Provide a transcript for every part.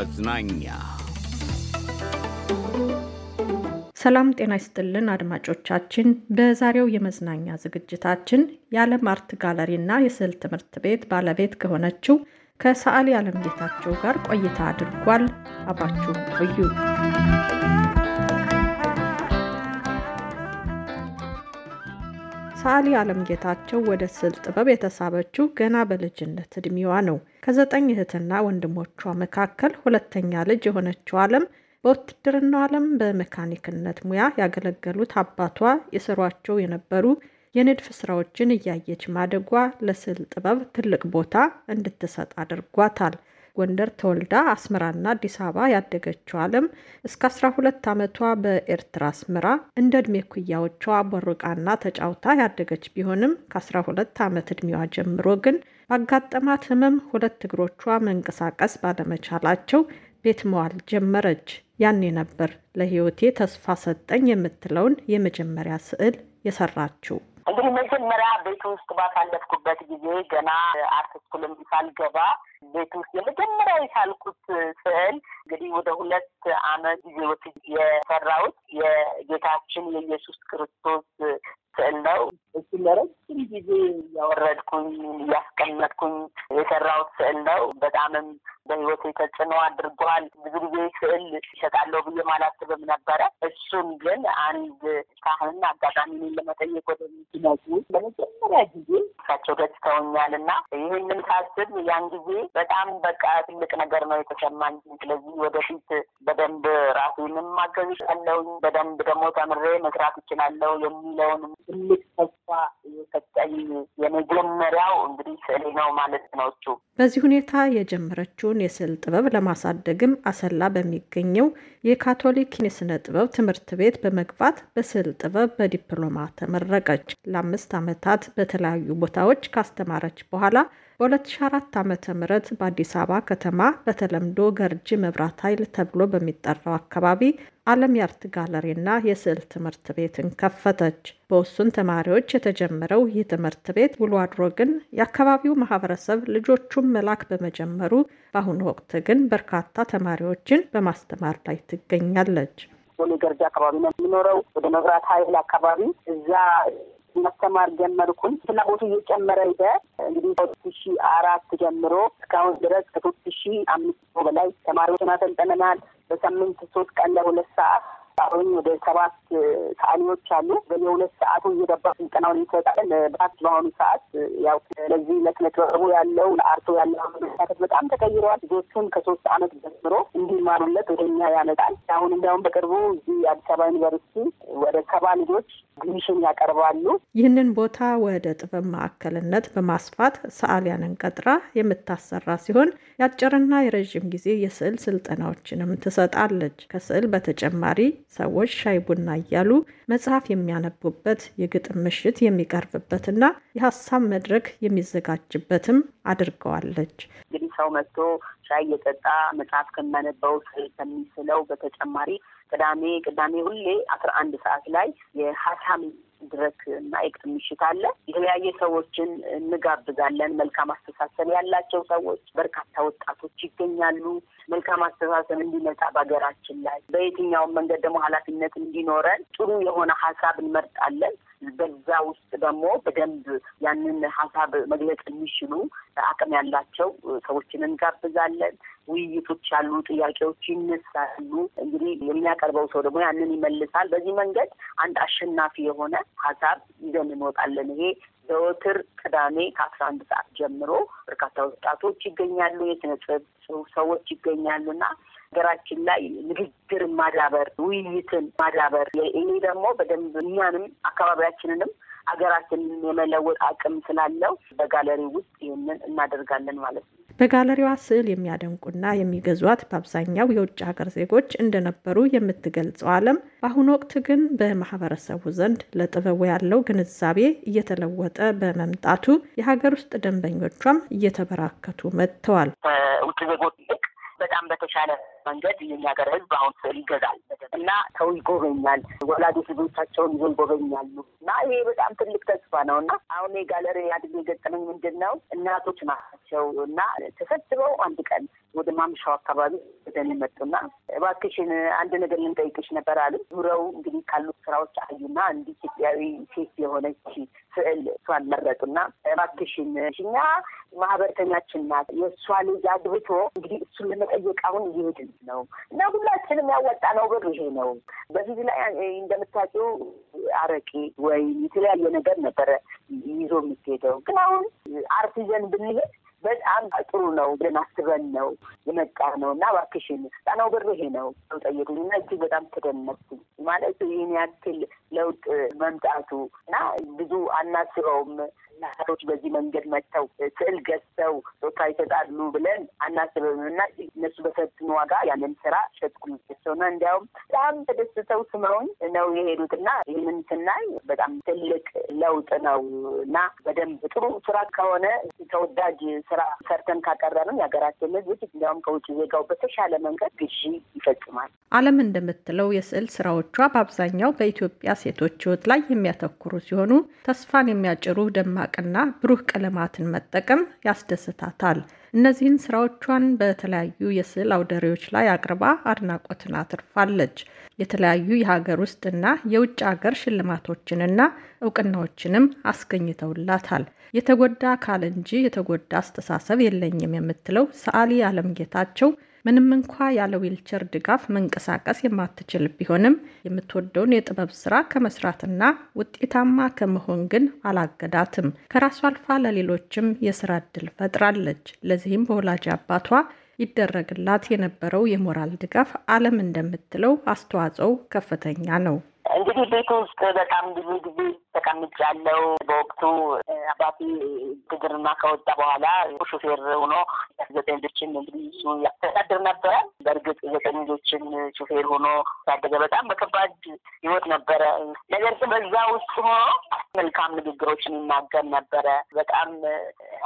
መዝናኛ ሰላም ጤና ይስጥልን አድማጮቻችን። በዛሬው የመዝናኛ ዝግጅታችን የዓለም አርት ጋለሪ እና የስዕል ትምህርት ቤት ባለቤት ከሆነችው ከሰዓሊ ዓለም ጌታቸው ጋር ቆይታ አድርጓል። አባችሁ ቆዩ። ሳሊ አለም ጌታቸው ወደ ስዕል ጥበብ የተሳበችው ገና በልጅነት እድሜዋ ነው። ከዘጠኝ እህትና ወንድሞቿ መካከል ሁለተኛ ልጅ የሆነችው አለም በውትድርና ዓለም በመካኒክነት ሙያ ያገለገሉት አባቷ የሰሯቸው የነበሩ የንድፍ ስራዎችን እያየች ማደጓ ለስዕል ጥበብ ትልቅ ቦታ እንድትሰጥ አድርጓታል። ጎንደር ተወልዳ አስመራና አዲስ አበባ ያደገችው አለም እስከ 12 ዓመቷ በኤርትራ አስመራ እንደ እድሜ ኩያዎቿ ቦርቃና ተጫውታ ያደገች ቢሆንም ከ12 ዓመት እድሜዋ ጀምሮ ግን ባጋጠማት ህመም ሁለት እግሮቿ መንቀሳቀስ ባለመቻላቸው ቤት መዋል ጀመረች። ያኔ ነበር ለህይወቴ ተስፋ ሰጠኝ የምትለውን የመጀመሪያ ስዕል የሰራችው። እንግዲህ መጀመሪያ ቤት ውስጥ ባሳለፍኩበት ጊዜ ገና አርት ስኩልም ሳልገባ ቤት ውስጥ የመጀመሪያ የሳልኩት ስዕል እንግዲህ ወደ ሁለት አመት ጊዜዎች የሰራሁት የጌታችን የኢየሱስ ክርስቶስ ስዕል ነው። እሱ ለረጅ ረጅም ጊዜ እያወረድኩኝ እያስቀመጥኩኝ የሰራሁት ስዕል ነው። በጣምም በህይወት ተጽዕኖ አድርጓል። ብዙ ጊዜ ስዕል ይሸጣለሁ ብዬ ማላስብም ነበረ። እሱን ግን አንድ ካህን አጋጣሚ እኔን ለመጠየቅ ወደ ሚሲመጡ ለመጀመሪያ ጊዜ እሳቸው ገጽተውኛል እና ይህንን ሳስብ ያን ጊዜ በጣም በቃ ትልቅ ነገር ነው የተሰማኝ። ስለዚህ ወደፊት በደንብ ራሴንም ማገዝ ይቻለውኝ በደንብ ደግሞ ተምሬ መስራት ይችላለው የሚለውንም ትልቅ ተስፋ የሰጠኝ የመጀመሪያው እንግዲህ ስዕሌ ነው ማለት ነው። እሱ በዚህ ሁኔታ የጀመረችውን የስዕል ጥበብ ለማሳደግም አሰላ በሚገኘው የካቶሊክ የስነ ጥበብ ትምህርት ቤት በመግባት በስዕል ጥበብ በዲፕሎማ ተመረቀች። ለአምስት ዓመታት በተለያዩ ቦታዎች ካስተማረች በኋላ በ2004 ዓ ም በአዲስ አበባ ከተማ በተለምዶ ገርጂ መብራት ኃይል ተብሎ በሚጠራው አካባቢ ዓለም የአርት ጋለሪና የስዕል ትምህርት ቤትን ከፈተች። በውሱን ተማሪዎች የተጀመረው ይህ ትምህርት ቤት ውሎ አድሮ ግን የአካባቢው ማህበረሰብ ልጆቹን መላክ በመጀመሩ በአሁኑ ወቅት ግን በርካታ ተማሪዎችን በማስተማር ላይ ትገኛለች። ገርጂ አካባቢ ነው የምኖረው፣ ወደ መብራት ኃይል አካባቢ እዛ መስተማር ጀመርኩኝ። ፍላጎቱ እየጨመረ ሄደ። እንግዲህ ከሁለት ሺ አራት ጀምሮ እስካሁን ድረስ ከሶስት ሺ አምስት በላይ ተማሪዎችን አሰልጠነናል። በሳምንት ሶስት ቀን ለሁለት ሰዓት አሁን ወደ ሰባት ሰዓሊዎች አሉ። ሁለት ሰዓቱ እየገባ ስልጠናውን ይሰጣል። ባት በአሁኑ ሰዓት ያው ለዚህ ለስነ ጥበቡ ያለው ለአርቶ ያለው አመለካከት በጣም ተቀይረዋል። ልጆቹን ከሶስት ዓመት ጀምሮ እንዲማሩለት ወደ እኛ ያመጣል። አሁን እንዲያውም በቅርቡ እዚህ አዲስ አበባ ዩኒቨርሲቲ ወደ ሰባ ልጆች ግሚሽን ያቀርባሉ። ይህንን ቦታ ወደ ጥበብ ማዕከልነት በማስፋት ሰዓሊያንን ቀጥራ የምታሰራ ሲሆን የአጭርና የረዥም ጊዜ የስዕል ስልጠናዎችንም ትሰጣለች። ከስዕል በተጨማሪ ሰዎች ሻይ ቡና እያሉ መጽሐፍ የሚያነቡበት የግጥም ምሽት የሚቀርብበትና የሀሳብ መድረክ የሚዘጋጅበትም አድርገዋለች። እንግዲህ ሰው መጥቶ ሻይ እየጠጣ መጽሐፍ ከሚያነበው ከሚስለው በተጨማሪ ቅዳሜ ቅዳሜ ሁሌ አስራ አንድ ሰዓት ላይ የሀሳብ ድረክ እና የቅጥ ምሽት አለ። የተለያየ ሰዎችን እንጋብዛለን። መልካም አስተሳሰብ ያላቸው ሰዎች በርካታ ወጣቶች ይገኛሉ። መልካም አስተሳሰብ እንዲመጣ በሀገራችን ላይ በየትኛውም መንገድ ደግሞ ኃላፊነት እንዲኖረን ጥሩ የሆነ ሀሳብ እንመርጣለን። በዛ ውስጥ ደግሞ በደንብ ያንን ሀሳብ መግለጽ የሚችሉ አቅም ያላቸው ሰዎችን እንጋብዛለን። ውይይቶች ያሉ ጥያቄዎች ይነሳሉ። እንግዲህ የሚያቀርበው ሰው ደግሞ ያንን ይመልሳል። በዚህ መንገድ አንድ አሸናፊ የሆነ ሀሳብ ይዘን እንወጣለን። ይሄ ዘወትር ቅዳሜ ከአስራ አንድ ሰዓት ጀምሮ በርካታ ወጣቶች ይገኛሉ፣ የስነ ሰዎች ይገኛሉ ሀገራችን ላይ ንግግር ማዳበር፣ ውይይትን ማዳበር ይህ ደግሞ በደንብ እኛንም አካባቢያችንንም ሀገራችንን የመለወጥ አቅም ስላለው በጋለሪ ውስጥ ይህንን እናደርጋለን ማለት ነው። በጋለሪዋ ስዕል የሚያደንቁና የሚገዟት በአብዛኛው የውጭ ሀገር ዜጎች እንደነበሩ የምትገልጸው አለም በአሁኑ ወቅት ግን በማህበረሰቡ ዘንድ ለጥበቡ ያለው ግንዛቤ እየተለወጠ በመምጣቱ የሀገር ውስጥ ደንበኞቿም እየተበራከቱ መጥተዋል። ከውጭ ዜጎች ይልቅ በጣም በተሻለ መንገድ የሚያገር ህዝብ አሁን ስዕል ይገዛል እና ሰው ይጎበኛል። ወላጆች ልጆቻቸውን ይዞ ይጎበኛሉ እና ይሄ በጣም ትልቅ ተስፋ ነው እና አሁን የጋለሪ አድግ የገጠመኝ ምንድን ነው እናቶች ናቸው እና ተሰብስበው አንድ ቀን ወደ ማምሻው አካባቢ ደን መጡና እባክሽን አንድ ነገር ልንጠይቅሽ ነበር አሉ። ዙረው እንግዲህ ካሉት ስራዎች አዩና እንዲህ ኢትዮጵያዊ ሴት የሆነች ስዕል እሷን መረጡና እባክሽን እኛ ማህበረተኛችን ናት የእሷ ልጅ አግብቶ እንግዲህ እሱን ለመጠየቅ አሁን እየሄድን ነው እና ሁላችንም ያወጣ ነው ብር ይሄ ነው። በፊት ላይ እንደምታውቂው አረቄ ወይ የተለያየ ነገር ነበረ ይዞ የምትሄደው ግን አሁን አርቲዘን ብንሄድ በጣም ጥሩ ነው ብለን አስበን ነው የመጣ ነው እና እባክሽን ስጣናው ብር ይሄ ነው ነው ጠየቁኝ እና እጅግ በጣም ተደነኩኝ። ማለት ይህን ያክል ለውጥ መምጣቱ እና ብዙ አናስበውም ናሮች በዚህ መንገድ መጥተው ስዕል ገዝተው ቦታ ይሰጣሉ ብለን አናስበም እና እነሱ በሰጡን ዋጋ ያንን ስራ ሸጥኩላቸው እና እንዲያውም በጣም ተደስተው ስመውኝ ነው የሄዱት እና ይህንን ስናይ በጣም ትልቅ ለውጥ ነው እና በደንብ ጥሩ ስራ ከሆነ ተወዳጅ ስራ ሰርተን ካቀረብን የሀገራችን ሕዝብ እንዲያውም ከውጭ ዜጋው በተሻለ መንገድ ግዢ ይፈጽማል። ዓለም እንደምትለው የስዕል ስራዎቿ በአብዛኛው በኢትዮጵያ ሴቶች ህይወት ላይ የሚያተኩሩ ሲሆኑ ተስፋን የሚያጭሩ ደማቅና ብሩህ ቀለማትን መጠቀም ያስደስታታል። እነዚህን ስራዎቿን በተለያዩ የስዕል አውደሪዎች ላይ አቅርባ አድናቆትን አትርፋለች። የተለያዩ የሀገር ውስጥና የውጭ ሀገር ሽልማቶችንና እውቅናዎችንም አስገኝተውላታል። የተጎዳ አካል እንጂ የተጎዳ አስተሳሰብ የለኝም የምትለው ሰዓሊ አለም ጌታቸው ምንም እንኳ ያለ ዊልቸር ድጋፍ መንቀሳቀስ የማትችል ቢሆንም የምትወደውን የጥበብ ስራ ከመስራትና ውጤታማ ከመሆን ግን አላገዳትም። ከራሷ አልፋ ለሌሎችም የስራ እድል ፈጥራለች። ለዚህም በወላጅ አባቷ ይደረግላት የነበረው የሞራል ድጋፍ ዓለም እንደምትለው አስተዋጽኦው ከፍተኛ ነው። እንግዲህ ቤት ውስጥ በጣም ብዙ ጊዜ ተቀምጫለሁ። በወቅቱ አባቴ ግብርና ከወጣ በኋላ ሹፌር ሆኖ ዘጠኝ ልጆችን እንግዲህ እሱ ያስተዳድር ነበረ። በእርግጥ ዘጠኝ ልጆችን ሹፌር ሆኖ ያደገ በጣም በከባድ ህይወት ነበረ። ነገር ግን በዛ ውስጥ ሆኖ መልካም ንግግሮችን ይናገር ነበረ። በጣም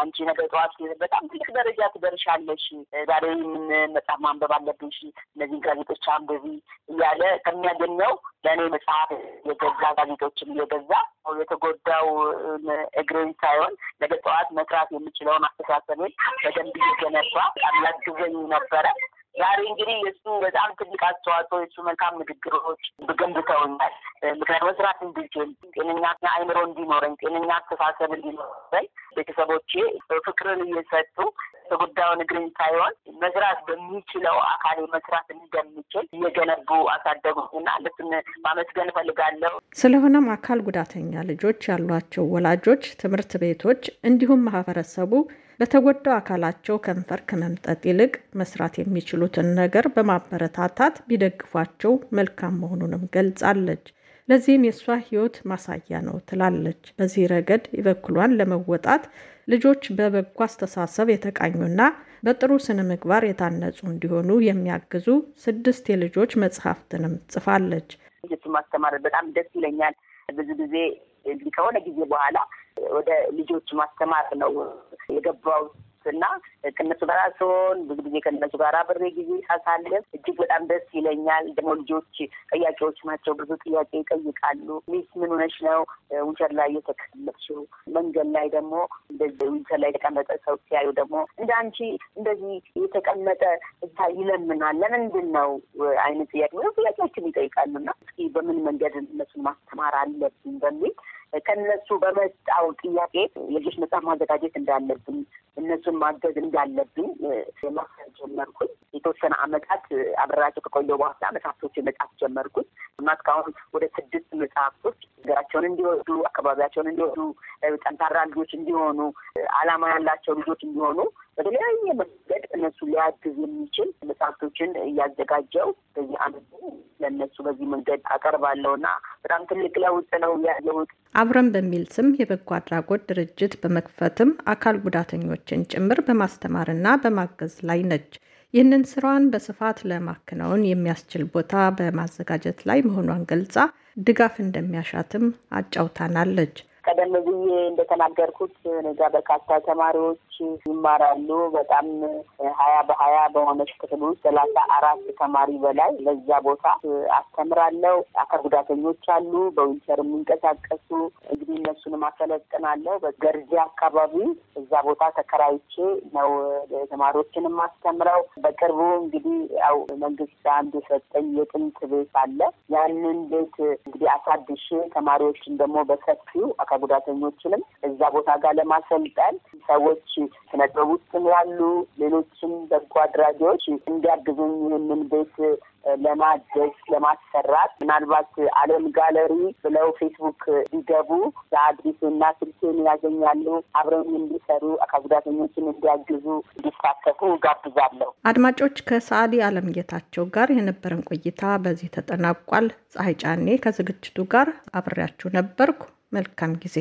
አንቺ ነገ ጠዋት በጣም ትልቅ ደረጃ ትደርሻለሽ፣ ዛሬ ምን መጽሐፍ ማንበብ አለብሽ፣ እነዚህን ጋዜጦች አንብቢ እያለ ከሚያገኘው ለእኔ መጽሐፍ የገዛ ጋዜጦችን እየገዛ የተጎዳው እግሬን ሳይሆን ነገ ጠዋት መስራት የምችለውን አስተሳሰብን በደንብ እየገነባ ያግዘኝ ነበረ። ዛሬ እንግዲህ የእሱ በጣም ትልቅ አስተዋጽኦ የእሱ መልካም ንግግሮች ብገንብተውኛል። ምክንያቱም መስራት እንድችል፣ ጤነኛ አይምሮ እንዲኖረኝ፣ ጤነኛ አስተሳሰብ እንዲኖረኝ ቤተሰቦቼ ፍቅርን እየሰጡ የጉዳዩን እግርም ሳይሆን መስራት በሚችለው አካል መስራት እንደሚችል እየገነቡ አሳደጉና ልትን ማመስገን እፈልጋለሁ። ስለሆነም አካል ጉዳተኛ ልጆች ያሏቸው ወላጆች፣ ትምህርት ቤቶች እንዲሁም ማህበረሰቡ ለተጎዳው አካላቸው ከንፈር ከመምጠጥ ይልቅ መስራት የሚችሉትን ነገር በማበረታታት ቢደግፏቸው መልካም መሆኑንም ገልጻለች። ለዚህም የእሷ ህይወት ማሳያ ነው ትላለች። በዚህ ረገድ የበኩሏን ለመወጣት ልጆች በበጎ አስተሳሰብ የተቃኙና በጥሩ ስነ ምግባር የታነጹ እንዲሆኑ የሚያግዙ ስድስት የልጆች መጽሐፍትንም ጽፋለች። ልጆቹ ማስተማር በጣም ደስ ይለኛል። ብዙ ጊዜ ከሆነ ጊዜ በኋላ ወደ ልጆች ማስተማር ነው የገባው እና ከነሱ ጋር ስሆን ብዙ ጊዜ ከነሱ ጋር አብሬ ጊዜ ሳሳልፍ እጅግ በጣም ደስ ይለኛል። ደግሞ ልጆች ጠያቂዎች ናቸው። ብዙ ጥያቄ ይጠይቃሉ። ሚስ ምን ሆነሽ ነው ዊልቸር ላይ የተቀመጥሽው? መንገድ ላይ ደግሞ እንደዚህ ዊልቸር ላይ የተቀመጠ ሰው ሲያዩ ደግሞ እንደ አንቺ እንደዚህ የተቀመጠ እዛ ይለምናል ለምንድን ነው አይነት ጥያቄ ጥያቄዎችን ይጠይቃሉ። ይጠይቃሉና እስኪ በምን መንገድ እነሱን ማስተማር አለብኝ በሚል ከነሱ በመጣው ጥያቄ ልጆች መጽሐፍ ማዘጋጀት እንዳለብኝ እነሱን ማገዝ እንዳለብኝ ማሰብ ጀመርኩኝ። የተወሰነ አመታት አብረራቸው ከቆየ በኋላ መጽሐፍቶችን መጽሐፍ ጀመርኩት እና እስካሁን ወደ ስድስት መጽሐፍቶች ሀገራቸውን እንዲወዱ፣ አካባቢያቸውን እንዲወዱ፣ ጠንካራ ልጆች እንዲሆኑ፣ አላማ ያላቸው ልጆች እንዲሆኑ በተለያየ መንገድ እነሱ ሊያግዝ የሚችል መጽሐፍቶችን እያዘጋጀው በዚህ አመት ለእነሱ በዚህ መንገድ አቀርባለሁና በጣም ትልቅ ለውጥ ነው ያየሁት። አብረን በሚል ስም የበጎ አድራጎት ድርጅት በመክፈትም አካል ጉዳተኞችን ጭምር በማስተማርና በማገዝ ላይ ነች። ይህንን ስራዋን በስፋት ለማከናወን የሚያስችል ቦታ በማዘጋጀት ላይ መሆኗን ገልጻ ድጋፍ እንደሚያሻትም አጫውታናለች። ቀደም ብዬ እንደተናገርኩት እኔጋ በርካታ ተማሪዎች ይማራሉ። በጣም ሀያ በሀያ በሆነች ክፍል ውስጥ ሰላሳ አራት ተማሪ በላይ ለዛ ቦታ አስተምራለሁ። አካል ጉዳተኞች አሉ፣ በዊልቸር የሚንቀሳቀሱ እንግዲህ እነሱንም አሰለጥናለሁ። በገርጂ አካባቢ እዛ ቦታ ተከራይቼ ነው ተማሪዎችንም ማስተምረው። በቅርቡ እንግዲህ ያው መንግስት አንድ የሰጠኝ የጥንት ቤት አለ። ያንን ቤት እንግዲህ አሳድሼ ተማሪዎችን ደግሞ በሰፊው አካል ጉዳተኞችንም እዛ ቦታ ጋር ለማሰልጠን ሰዎች ስነ ውስጥም ያሉ ሌሎችም በጎ አድራጊዎች እንዲያግዙኝ ይህንን ቤት ለማደስ ለማሰራት ምናልባት አለም ጋለሪ ብለው ፌስቡክ ሊገቡ ና ስልኬን ያገኛሉ። አብረኝ እንዲሰሩ አካል ጉዳተኞችን እንዲያግዙ እንዲሳተፉ ጋብዛለሁ። አድማጮች ከሰዓሊ አለም ጌታቸው ጋር የነበረን ቆይታ በዚህ ተጠናቋል። ፀሐይ ጫኔ ከዝግጅቱ ጋር አብሬያችሁ ነበርኩ። መልካም ጊዜ